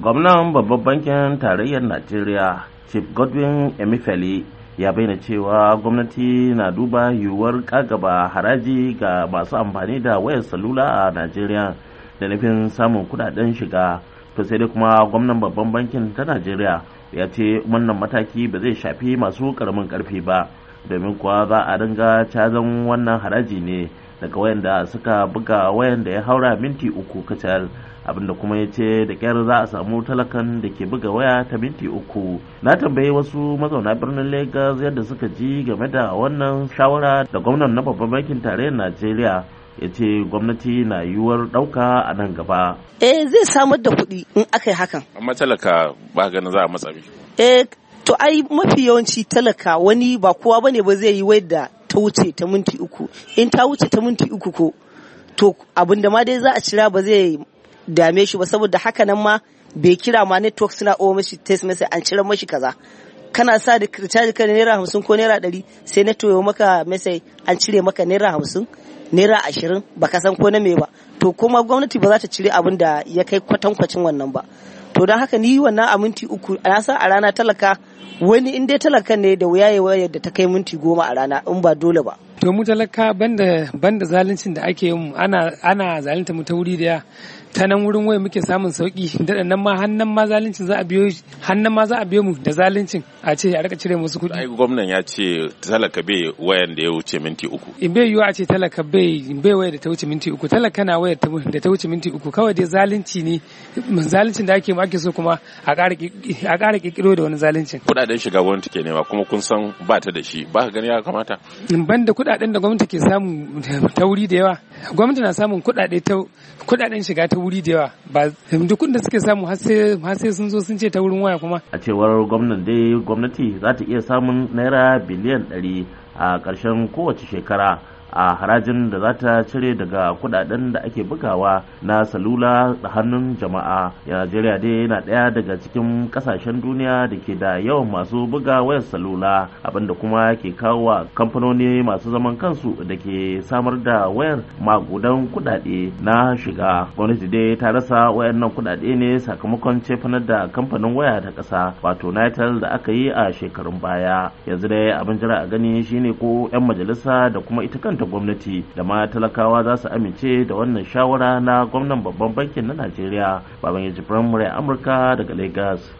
gwamnan babban bankin tarayyar najeriya chief godwin emifele ya bayyana cewa gwamnati na duba yiwuwar kagaba haraji ga masu amfani da wayar salula a najeriya da nufin samun kudaden shiga to sai dai kuma gwamnan babban bankin ta najeriya ya ce wannan mataki ba zai shafi masu karamin karfi ba domin kuwa za a dinga cazan wannan haraji ne daga wayanda suka buga wayanda ya haura minti uku kacal abinda kuma ya ce da kyar za a samu talakan da ke buga waya ta minti uku na tambayi wasu mazauna birnin lagos yadda suka ji game da wannan shawara da gwamnan na babban bankin tarayyar najeriya ya ce gwamnati na yiwuwar ɗauka a nan gaba. Eh zai samar da kuɗi in aka yi hakan. Amma talaka ba ganin za a matsa Eh to ai mafi yawanci talaka wani ba kowa bane ba zai yi wadda ta wuce ta minti uku in ta wuce ta minti uku ko to abin da ma dai za a cira ba zai dame shi ba saboda haka nan ma bai kira ma network suna owa mashi test message an cira mashi kaza kana sa da caji ka naira hamsin ko naira 100 sai na ya maka message an cire maka naira hamsin naira ashirin baka san ko na me ba to kuma gwamnati ba za ta cire abin da ya kai kwatankwacin wannan ba to don haka ni wannan a minti uku na san a rana talaka wani in dai talakan ne da wuya ya da ta kai minti goma a rana in ba dole ba to mu talaka banda banda zaluncin da ake yin ana ana zalunta mu ta wuri da ta nan wurin waya muke samun sauki da nan ma hannan ma zaluncin za a biyo hannan ma za a biyo mu da zaluncin a ce a rika cire musu kuɗi ai gwamnan ya ce talaka bai wayan da ya wuce minti uku in bai yiwu a ce talaka bai bai waya da ta wuce minti uku talaka na waya da ta wuce minti uku kawai dai zalunci ne zaluncin da ake mu ake so kuma a ƙara ƙirƙiro da wani zaluncin kuɗaɗen shiga gwamnati ke nema kuma kun san ba ta da shi ba ka gani ya kamata in banda kudaden da gwamnati ke samu ta wuri da yawa gwamnati na samun kuɗaɗen kudaden shiga ta wuri da yawa ba duk da suke samu har sai sun zo sun ce ta wurin waya kuma a cewar gwamnati dai gwamnati za ta iya samun naira biliyan ɗari a ƙarshen kowace shekara a harajin da za ta cire daga kudaden da ake bugawa na salula da hannun jama'a najeriya dai yana ɗaya daga cikin kasashen duniya da ke da yawan masu buga wayar salula abinda kuma ke kawo wa kamfanoni masu zaman kansu da ke samar da wayar magudan kudade na shiga gwamnati dai ta rasa wayannan kudade ne sakamakon cefanar da kamfanin waya ta ƙasa wato nitel da aka yi a shekarun baya yanzu dai abin jira a gani shine ko 'yan majalisa da kuma ita kanta ta gwamnati da ma talakawa za su amince da wannan shawara na gwamnan babban bankin na najeriya baban ya firamare murai amurka daga lagos